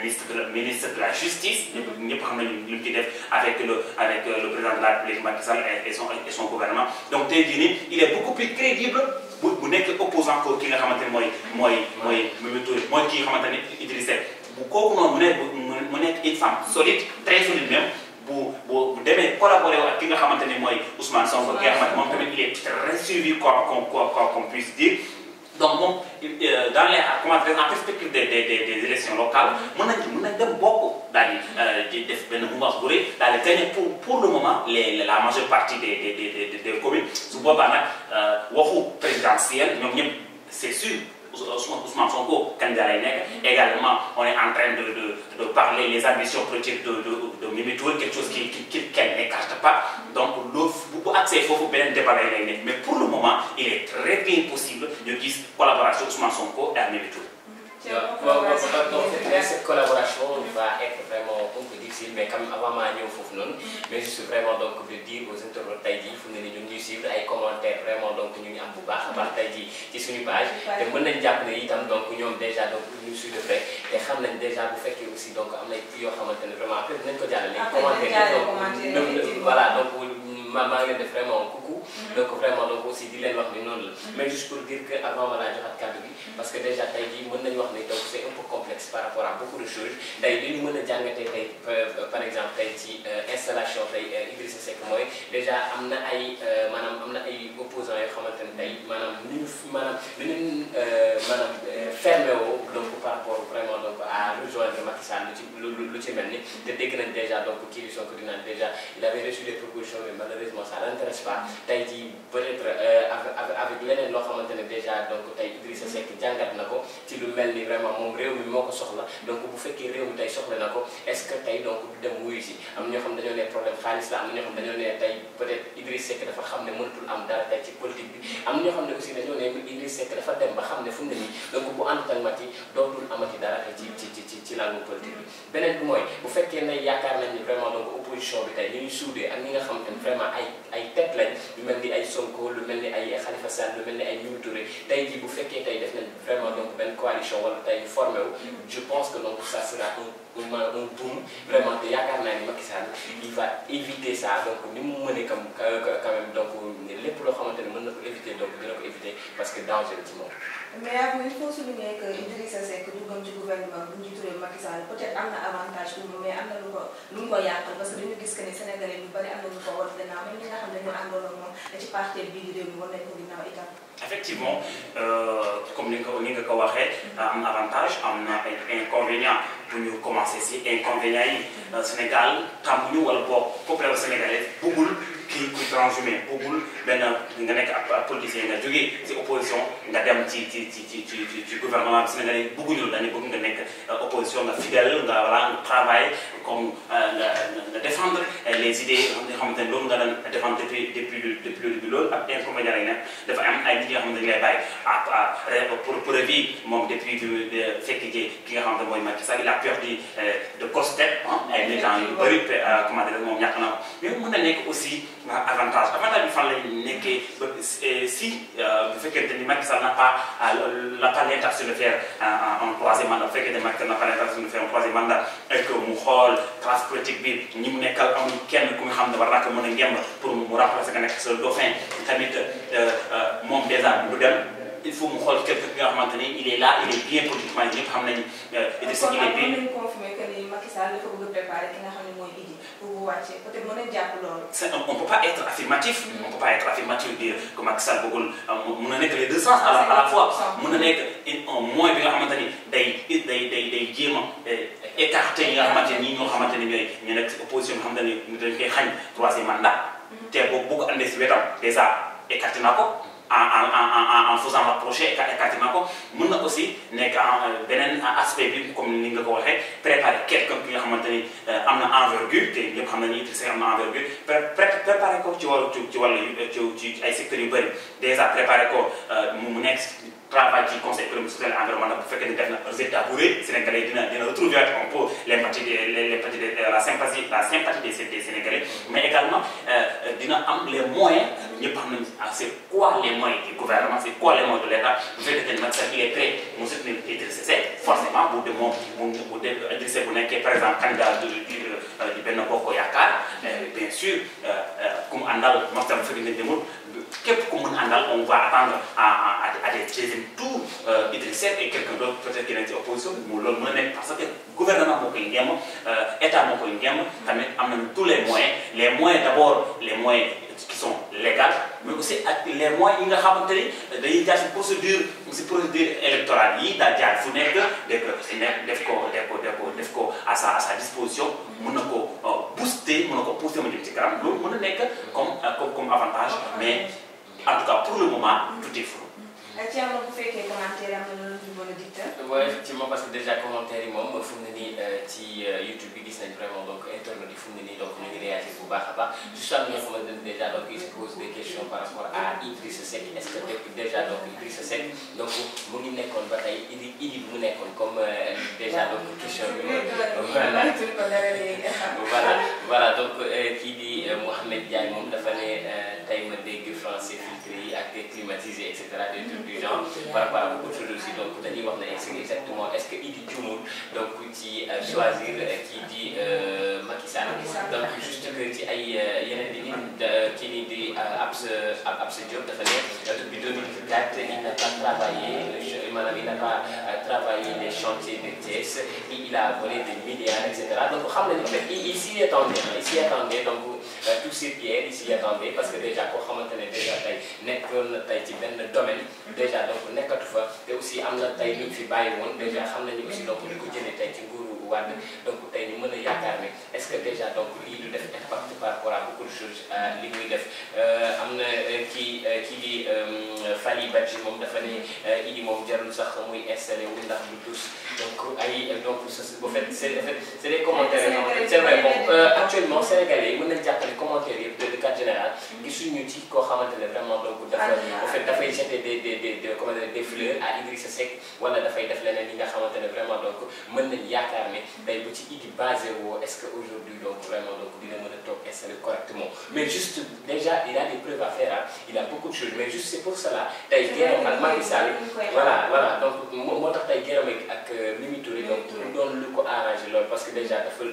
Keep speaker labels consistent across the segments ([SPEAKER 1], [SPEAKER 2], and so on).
[SPEAKER 1] ministre de la ministre de la justice. ñëpp ñëpp li mu ci def avec le avec euh, le président la République Macky Sall et son son gouvernement donc tey jii nii il est beaucoup plus crédible bu bu nekk opposant ko ki nga xamante ne mooy mooy mooy Mimi Touré mooy ki nga xamante ne Idrissa bu kooku noonu mu nekk mu nekk une femme solide très solide même. bu bu bu ki nga xamante ne mooy Ousmane Sonko. waaw ki nga xamante il est très suivi quoi qu'on qu'on qu'on puisse dire. donc moom euh, dans les comment dire en perspective des des des élections locales mën nañ ci mën nañ dem bokk daal euh, def benn mouvance bu rëy daal di pour pour le moment les la majeure partie des de des des communes su boobaa nag euh, waxu présidentielle ñoom ñëpp c'est sûr. Ousmane Sonko candidat lay nekk également on est en train de de de parler les ambitions politiques de de de chose qu'elle n'écarte pas donc loolu bu foofu beneen débat lay nekk mais pour le moment il est très bien possible ñu gis collaboration Ousmane Sonko ak Mimi
[SPEAKER 2] kam avant maa ñëw foofu noonu. Mm-hmm. mais juste vraiment donc de dire aux internautes tey jii fu mu ne nii ñun ñuy suivre ay commentaires vraiment donc ñu ngi am bu baax mm-hmm. a baax tey jii ci suñu page. te mën nañ jàpp ne itam donc ñoom déjà donc ñu suivre de près te xam nañ déjà bu fekkee aussi donc am na yoo xamante ne vraiment après dinañ ko jàllale. commentaire yi donc voilà donc. man maa ngi leen def vraiment coucou mhm. vraiment donc aussi di leen wax ni noonu la mhm. mais juste pour dire que avant ma laa joxaat kàddu gi mhm. parce que déjà tey jii mën nañu wax ni donc c'est un peu complexe par rapport à beaucoup de choses tey li ñu mën a jàngatee tey euh, par exemple tey ci euh, installation tey euh, Idrissa Seck mooy déjà am na ay maanaam ay opposants yoo xamante ne tey maanaam ni ñu maanaam ni ñu maanaam fermé woo donc par rapport vraiment donc à rejoindre Macky Sall lu ci lu ci mel malheureusement ça n'intéresse pas tey peut-être euh, avec leneen loo xamante ne déjà donc tey Idrissa Seck jàngat na ko ci lu mel ni vraiment moom réew mi moo ko soxla donc bu fekkee réew mi tey soxla na ko est-ce que tey donc du dem wuyu si am ñoo xam dañoo ne problème xaalis la am ñoo xam dañoo ne tey peut-être Idriss Seck dafa xam ne mënatul am dara tey ci politique bi am ñoo xam ne aussi dañoo ne Idriss Seck dafa dem ba xam ne fu mu ne nii donc bu àndut ak amati dara ci ci ci ci ci làngu politique bi beneen bi mooy bu fekkee ne yaakaar nañ ni vraiment bi tey ñu ngi suudee ak ñi nga xam te vraiment ay ay tête lañ lu mel ni ay Sonko lu mel ni ay Khalifa Sall lu mel ni ay Mimi Touré tey jii bu fekkee tey def nañ vraiment donc benn coalition wala tey ñu je pense que donc ça sera donc maanaam un boom vraiment te yaakaar naa éviter ça donc ni mu mënee kam quand même donc lépp loo xamante ne mën na ko éviter donc dina ko éviter parce que danger
[SPEAKER 3] la ci moom. mais ak il faut souligner que Idrissa Seck duggoon ci gouvernement bu njiitu réew Macky peut-être am avantage pour moom mais lu ko lu parce que dañu gis que ne Sénégalais yu bari am na lu ko war gannaaw même ñi nga xam ne ñu àndoon ak moom ci parti bii di réew mi war nañ ko ginnaaw itam. Euh,
[SPEAKER 1] comme ni nga am na ay inconvénients. bu ñu commencé si inconvénients yi euh, Sénégal tàmbuñu wala boog population sénégalaise
[SPEAKER 3] bëggul kii kuy
[SPEAKER 1] transhumé bëggul benn nga nekk ab politicien nga jógee si opposition nga dem ci ci ci ci ci ci gouvernement bi sénégalais bëgguñu la dañu bëgg nga nekk euh, opposition nga fidèle nga voilà nga travail comme euh, nga nga défendre euh, les idées nga xamante nga daan depuis depuis depuis le début loolu ak inconvénient yi nag dafa am ay nit ñi nga xamante ne lay bàyyi ah pour preuve yi moom depuis fekk ji ki nga xamante ne mooy Macky Sall il a perdu de costette ay militants yu bëri comment dire moom ñàkk na ko nekk aussi avantage avantage a fan lay a ba eh, si euh, bu fekkente ni Macky Sall n'a pas n'a euh, pas l'intention de faire un euh, troisième mandat bu fekkente ni Macky Sall n'a pas l'intention de faire un troisième mandat et que mu xool classe politique bi ñi mu nekkal amul kenn ku nga xam ne war naa ko mën a ngemb pour mu remplacer nga nekk sa dauphin tamit moom dèjà du dem. il faut mu xool quelque bi nga xamante ni il est là il est bien politiquement ñëpp xam nañu. il est bien kon kon mën nañu
[SPEAKER 3] confirmer que ni Macky Sall dafa bëgg a préparer ki nga xam ne wàccee peut-être mën nañu jàpp loolu. on peut pas être affirmatif. Mm. on peut pas être affirmatif dire que Macky Sall bëggul euh, mën nekk les deux sens à la à la fois. mën na nekk un moyen bi nga xamante ni day day day day jéem a
[SPEAKER 1] eh, écarté yi nga xamante ni ñoo xamante ni nekk opposition bi nga ni dañ koy xañ troisième mandat. Mm. te boo boo ko si wetam déjà écarté naa en en en en faisant l'approcher écartement ko mën na aussi nekk en euh, beneen aspect bi comme ni nga ko waxee préparer quelqu'un ki nga xamante ni euh, am na envergure te ñëpp xam nañu Idrissa am na envergure préparer ko ci wàllu ci wàllu ci ay secteurs yu bëri déjà préparer ko euh, mu nekk. travail ci conseil économique social et environnemental bu fekkee ne def na résultat bu rëy sénégalais dina dina retrouver on peut l'empathie l'empathie euh, la sympathie la sympathie des sénégalais mm-hmm. mais également euh, dina am les moyens ñëpp xam nañ ah c'est quoi les moyens gouvernement c'est quoi les moyens de l'État bu fekkee ne nag sax il est prêt mu soutenir Idrissa Seck forcément bu dee moom mu bu dee Idrissa Seck bu nekkee par exemple candidat du du du euh, Benno Bokk Yaakaar bien sûr ku mu àndal moom tam fekk nga demul képp à des deuxième tour Idriss Seck et quelqu'un d'autre peut-être yeneen ci opposition bi mu loolu mën a nekk parce que gouvernement moo koy ngeem euh, état moo koy ngeem tamit am nañu tous les moyens les moyens d'abord les moyens qui sont légaux mais aussi ak les moyens yi nga xamante ni dañuy jaar si procédure si procédure électorale yi daal jaar fu nekk def ko si nekk def ko def ko def ko def ko à sa à sa disposition mën na ko euh, booster mën na ko pousser mu jëm ci kanam loolu mën na nekk comme euh, comme comme avantage mais en tout cas pour le moment tout est flou
[SPEAKER 3] Thierno bu fekkee commentaire am na lu ñu mën a dicter. waaw effectivement parce que
[SPEAKER 1] déjà commentaire yi moom fu mu ne
[SPEAKER 2] euh, ci euh, YouTube bi gis nañ vraiment donc internet yi fu mu ne nii bu ba a baax. juste am na ñoo xamante ne déjà donc ils se posent des questions par rapport à Idrissa Seck est que depuis déjà donc Idrissa Seck donc mu ngi nekkoon ba tey idi idi mu nekkoon comme euh, déjà donc question bi. voilà voilà donc kii di Mouhamed Diagne moom dafa activités climatisées et cetera des trucs du genre par rapport à donc dañuy wax exactement est-ce que Idy juumul donc ci choisir kii di Macky Sall donc juste que ci ay yeneen di kii nii di Abs eh, Abs Diop dafa ne depuis 2004 il n'a pas travaillé maanaam il n'a pas travaillé les chantiers de Thiès il a volé des milliards et cetera donc xam nañu en fait il s'y parce que déjà koo xamante ne déjà tey doon na tey ci benn domaine déjà donc nekkatu fa te aussi am na tey ñu fi bàyyi woon déjà xam nañu aussi donc ñu ko jëlee tey ci nguuru Wade donc tey ñu mën a yaakaar ne est-ce que déjà donc lii du def impact par rapport à beaucoup de choses euh, li muy def euh, am na euh, kii kii di Fally Badji moom dafa ne Idi moom jarul sax muy installé wu ndax du tous donc ay donc bu fait c'est c'est des commentaires yoo xamante c'est vrai bon actuellement sénégalais yi mën nañ jàppale commentaires yëpp de cas général gisuñu ci koo xamante ne vraiment donc dafa en fait dafay ne ne day bu ci Idy basé woo est-ce que aujourd'hui donc vraiment donc dina mën a toog installé correctement mais juste déjà il a des preuves à faire il a beaucoup de choses mais juste c'est pour cela tey gërëm ak Macky Sall voilà moo tax tey gërëm ak euh, Mimi Touré donc lu ko parce que déjà dafa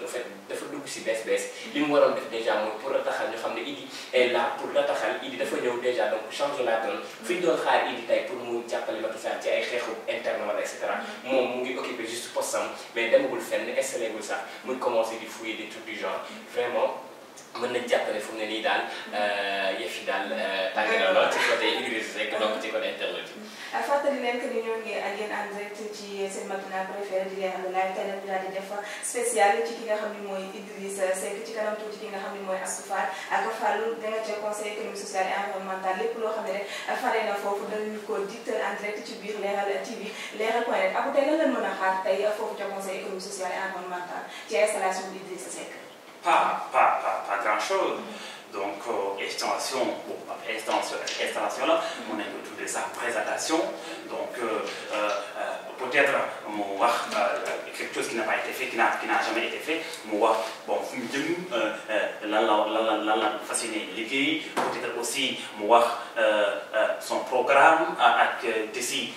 [SPEAKER 2] si bees bees li mu waroon def déjà mooy pour a taxal ñu xam ne Idy là pour bataaxal Idi dafa ñëw déjà donc change la donne fi ñu doon xaar Idi tey pour mu jàppale Macky Sall ci ay xeexu interne wala et cetera mm-hmm. moom mu ngi occupé juste poste am mais demagul fenn installé wul sax muy commencé di fouiller des trucs du genre mm-hmm. vraiment. mën nañ jàppale fu mu ne nii daal euh, yëf yi daal euh, tànge lool ci côté Idriss rek donc ci côté internet yi.
[SPEAKER 3] Euh, fàttali leen que ni ñoo ak yéen ci seen matinale préférée di leen am live tey nag ñu daal ci ki nga xam ni mooy Idriss Seck ci kanam tuuti ki nga xam ni mooy Astou Fall ak Fallou da nga cee conseil économique social et environnemental lépp loo xam ne rek faree na foofu dañu ko dicteur en ci biir Leral TV Leral point net ak tey lan lañ mën a xaar tey foofu ca conseil économique social et environnemental ci bi Idriss Seck. pas, pas, pas, pas grand-chose. Donc, euh, extension, bon, pas extension, extension là, a tout de ça, présentation.
[SPEAKER 1] Donc, euh, euh, euh peut-être, mon euh, euh, quelque chose qui n'a pas été fait, qui n'a jamais été fait, mon bon, vous me dites, fasciné l'idée, peut-être aussi, mon son programme, d'ici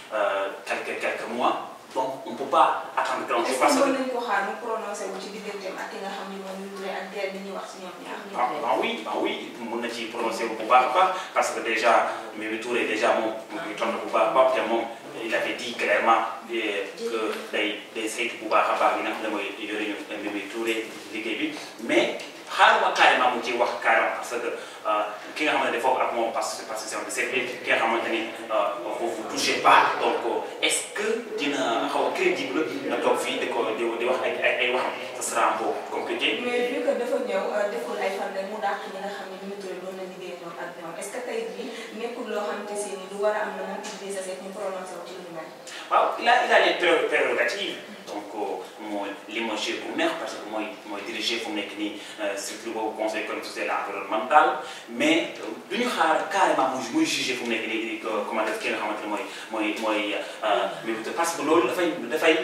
[SPEAKER 1] quelques, quelques mois. donc on ne peut pas attendre. donc parce que est-ce que mën
[SPEAKER 3] nañu ko xaar mu prononcé wu ci digganteem ak ki nga xam ni moom Mimi ak Diène bi ñuy wax si ñoom ñaar. ah
[SPEAKER 1] na ci prononcé wu bu a baax parce que déjà Mimi Touré déjà moom mu ngi tontu ah. bu baax a baax te moom il avait dit clairement eh, que day day saytu bu baax a baax yi nga xam ne mooy yore ñu Mimi Touré liggéey bi mais. xaaruma carrément mu ci wax carrément parce que euh, ki nga xamante ne foofu ak moom parce que parce que c'est un ki nga xamante ni euh, foofu touché pas eh, a jible nga toog fii di ko di wax ay ay
[SPEAKER 3] wax ce sera un peu compliqué. mais vu que dafa ñëw euh, deful mu dàq ñi nga xam ne ñu tuddee doon na liggéey moom ak ñoom est ce que tey jii nekkul loo xamante si ni lu war a am na moom utiliser seen ñu prononcé wu ci lu mel.
[SPEAKER 1] waaw il a il a des prérogatives ko mu limogé bu neex parce que mooy mooy dirigé fu mu nekk nii structure boobu conseil économique social et environnemental mais du ñu xaar carrément mu muy jugé fu mu nekk nii comment def ki nga xamante ne mooy mooy mooy mébité parce que loolu dafay dafay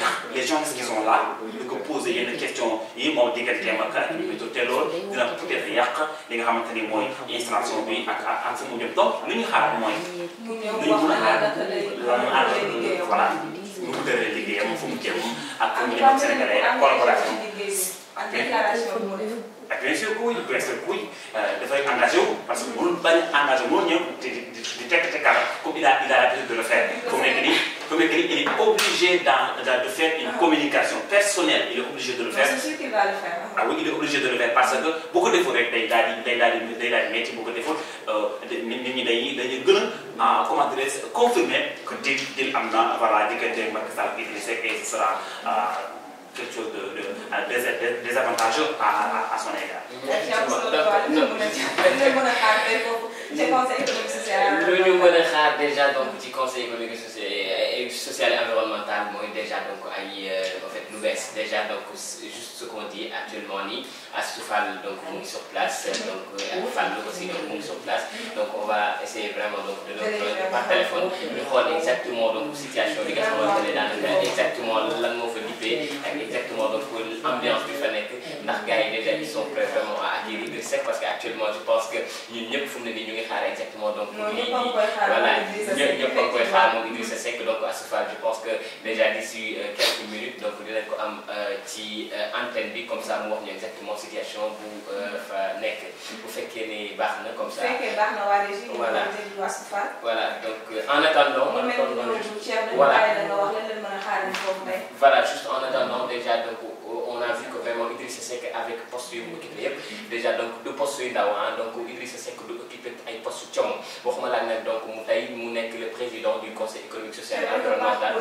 [SPEAKER 1] tax les gens qui sont là di ko poser yenn question yi moom digganteem ak ak mébité te loolu dina peut être yàq li nga xamante ni mooy installation bi ak ak ak sama jëm donc lu ñu xaar mooy lu ñu mën a
[SPEAKER 3] xaar
[SPEAKER 1] voilà mu tëralee liggéeyam fu mu jëm
[SPEAKER 3] ak fu mu jëm ak sénégalais ak collaboration.
[SPEAKER 1] ak bien sûr kuy bien sûr kuy dafay engagé wu parce que bul bañ engagé wu ñëw di di di tekk te comme il a il a l'habitude de le faire mu nekk nii. Conakry, il est obligé d de faire une communication personnelle. Il est obligé de le faire. C'est
[SPEAKER 3] sûr qu'il va le faire.
[SPEAKER 1] Ah oui, il est obligé de le faire parce que bu ko deful rek day daal di day daal di day daal di métti bu ko deful nit ñi dañuy dañuy gën a comment dirais-je confirmer que dil dil am na voilà diggante Macky Sall bi et ce sera quelque chose de de de désavantageux à à son égard.
[SPEAKER 2] a déjà donc ci conseil économique et social et environnemental mooy déjà donc ay en bees déjà donc juste ce qu'on dit actuellement nii Astou Fall donc mu ngi euh, sur place donc on va essayer vraiment donc par téléphone exactement donc situation bi nga xamante ne daanaka exactement lan moo fa dippee ak exactement donc ambiance bi fa nekk ndax gars déjà ils sont prêts vraiment à acquérir le parce que actuellement je pense que ñun ñëpp fu mu ne nii exactement donc lii nii voilà ñëpp ñëpp a koy donc Astou Fall je pense que ko am euh, ci euh, antenne bi comme sa mu wax ñu exactement situation bu euh, fa nekk bu fekkee ne baax
[SPEAKER 3] na comme ça. bu fekkee baax na waa régie. voilà voilà donc en attendant. en attendant voilà voilà
[SPEAKER 2] juste en attendant déjà donc on a vu que vraiment Idrissa Seck avec poste yu mu occupé yëpp déjà donc du poste yu ndaw ah donc Idrissa Seck du occupé ay poste coono waxuma laa nag donc mu tey mu nekk le président du conseil économique social et environnemental.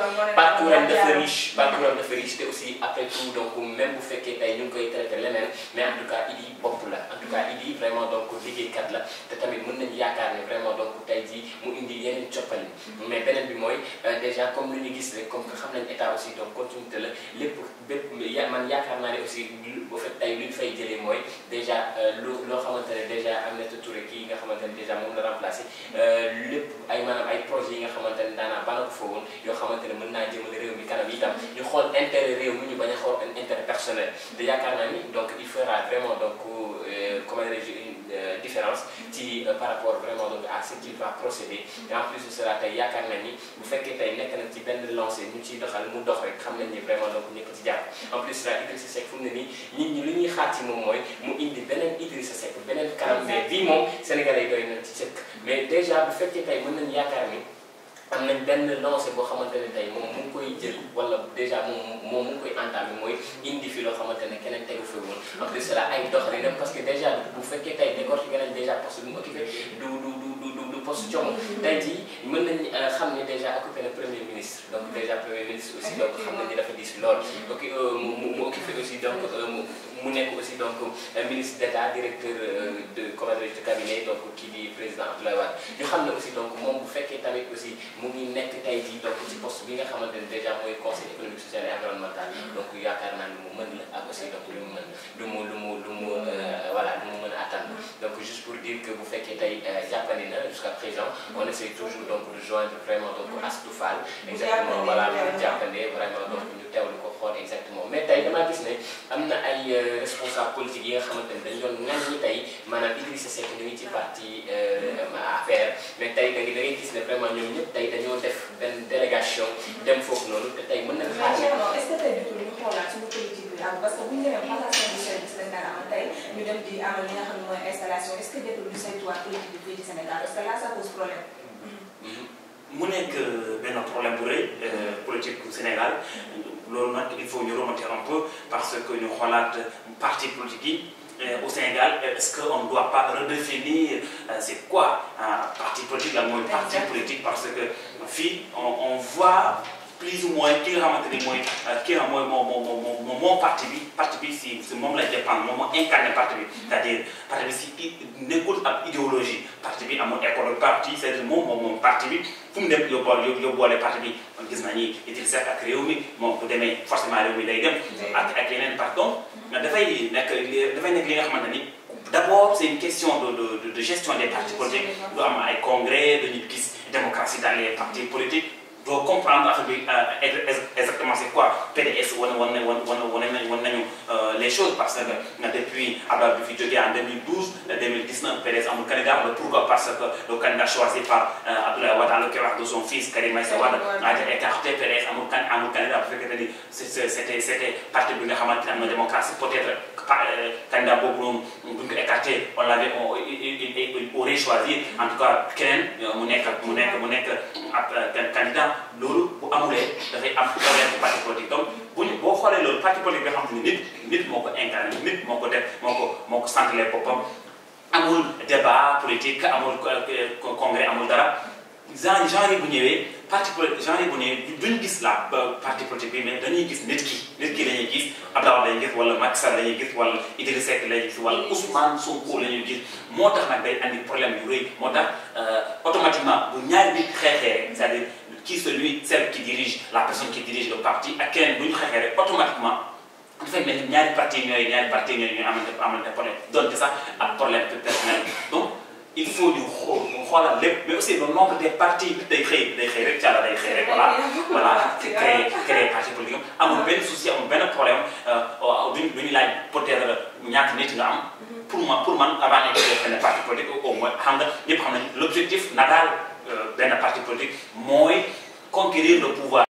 [SPEAKER 2] Banturam dafa riche Banturam dafa te aussi après tout donc même bu fekkee tey ñu ngi koy traité leneen mais en tout bopp la en tout cas Idy vraiment donc liggéeykat la te tamit mën nañ yaakaar ne vraiment donc tey jii mu indi yeneen coppali mais beneen bi mooy euh, déjà comme lu ñu gis rek comme que xam nañ état aussi donc continuité la lépp bépp man yaakaar naa ne aussi bu fekk tey lu ñu fay jëlee mooy déjà euh, lu loo xamante ne déjà Aminata Touré kii nga xamante ne déjà moom la remplacé euh, lépp ay maanaam ko fa woon yoo xamante ne mën naa jëmale réew mi kanam itam ñu xool intérêt réew mi ñu bañ a xool un intérêt personnel te yaakaar naa ni donc il fera vraiment donc euh, comment dirais euh, différence ci euh, par rapport vraiment donc à ce qu'il va procéder et en plus de cela tey yaakaar naa ni bu fekkee tey nekk na ci benn lancé ñu ciy doxal mu dox rek xam nañ ni vraiment donc ñëpp ci jàpp en plus la Idrissa mu ne nii nit ñi li ñuy xaar ci moom mooy mu indi beneen Idrissa Seck beneen kanam mais bii moom Sénégalais yi doy na ci sëkk mais déjà bu fekkee tey am nañ benn lancé boo xamante ne tey moom mu ngi koy jël wala déjà moom moom mu ngi koy entamé mooy indi fi loo xamante ne keneen tegu fi woon après cela ay parce que déjà bu fekkee tey décortiqué nañ déjà poste bi mu occupé du du du du du poste coono tey jii mën nañ euh, xam ne déjà occupé na premier ministre donc déjà premier ministre aussi donc xam nañ ni dafa diis lool ok euh, mu mu occupé aussi donc euh, mu mu nekk aussi donc euh, ministre d'état directeur euh, de comment de cabinet donc kii di président la Wade ñu xam na aussi donc moom bu fekkee tamit aussi mu ngi nekk tey jii donc ci poste bi nga xamante ne déjà mooy conseil économique social et environnemental donc yaakaar naa ne mu mën la ak lu mu mën lu mu lu mu lu mu euh, lu mu mën a juste pour dire que bu fekkee tey jàppandi na jusqu'à présent on essaie toujours donc de joindre vraiment donc Astou Fall exactement voilà lu jàppande mais tey damaa gis ne am responsable politique yi nga xamante ni dañ doon nen ñi tey maanaam Idrissa Seck ñu ngi ci parti euh, APR mais tey da ngay gis ne vraiment ñoom ñëpp tey dañoo def benn délégation dem foofu noonu te tey mën na xaar est-ce
[SPEAKER 3] que tey jotul ñu xoolaat suñu politique bi am parce que bu ñu demee passation du service lañ daan am tey ñu dem di amal li nga xam ne mooy installation est-ce que jotul ñu saytuwaat politique bi fii ci Sénégal est-ce que là ça pose mu nekk euh, benn problème bu rëy euh, politique bu Sénégal loolu nag il faut ñu remonter un peu
[SPEAKER 1] parce que ñu xoolaat parti politique yi euh, au Sénégal est-ce que on ne doit pas redéfinir c'est quoi un parti politique lan mooy parti politique parce que fii on on plus ou moins ki nga xamante ni mooy ki nga mooy moo moo moo moo parti bi parti bi si si moom lay dépendre moom moo incarné parti bi mm-hmm. c'est-à-dire ab idéologie parti bi amul école parti c'est-à-dire moom moom moom parti bi fu mu dem yóbbuwaale yóbbuwaale parti bi kon gis nañu ni Idrissa Seck ak réew mi moom bu demee forcément réew mi lay dem. ak ak yeneen pardon mm-hmm. donc nekk li nga xamante ni. D'abord, c'est une question de, de, de, gestion des partis politiques. Nous congrès, de l'IPIS, démocratie dans les partis politiques. doo comprendre affaire bi euh, exactement c'est quoi PDS wane wane wane euh, parce que depuis Abdoulaye bi fi jógee en 2012 2019 PDS pourquoi parce que le candidat choisi par euh, Abdoulaye Wade en l'occurrence de son fils Karim Meïssa Wade a été écarté PDS amul can amul candidat bu fekkee peut-être candidat boobu noonu buñ ko écarté on l'avait on aurait choisi en tout loolu bu amulee dafay am problème bu parti politique donc bu boo xoolee loolu parti politique nga xam ni nit nit moo ko incarné nit moo ko def moo ko moo ko santalee boppam amul débat politique amul congrès amul dara genre genre bu ñëwee parti politique genre bu ñëwee duñ gis la parti politique bi mais dañuy gis nit ki nit ki la ñuy gis Abdoulaye lañuy gis wala Macky Sall la ñuy gis wala Idrissa Seck la ñuy gis wala Ousmane Sonko la ñuy gis moo tax nag day andi problème yu rëy moo tax euh, bu ñaari nit xeexee cest qui celui celle qui dirige la personne qui dirige le parti ak keneen bu ñu xeexee rek automatiquement dafay mel ni ñaari parti ñooy ñaari parti ñooy ñooy amante amante problème donte sax ak problème personnel donc il faut ñu xool ñu xoolal lépp mais aussi le nombre des partis day xëy day xëy rek càlla day xëy rek voilà voilà créer créer parti politique amul benn souci amul benn problème euh, duñ du ñu laaj peut-être ñaata nit nga am mm-hmm. pour moi pour man avant nekk benn parti politique
[SPEAKER 3] au moins xam nga ñëpp xam nañ l'objectif na daal Euh, benn parti politique mooy conquérir le pouvoir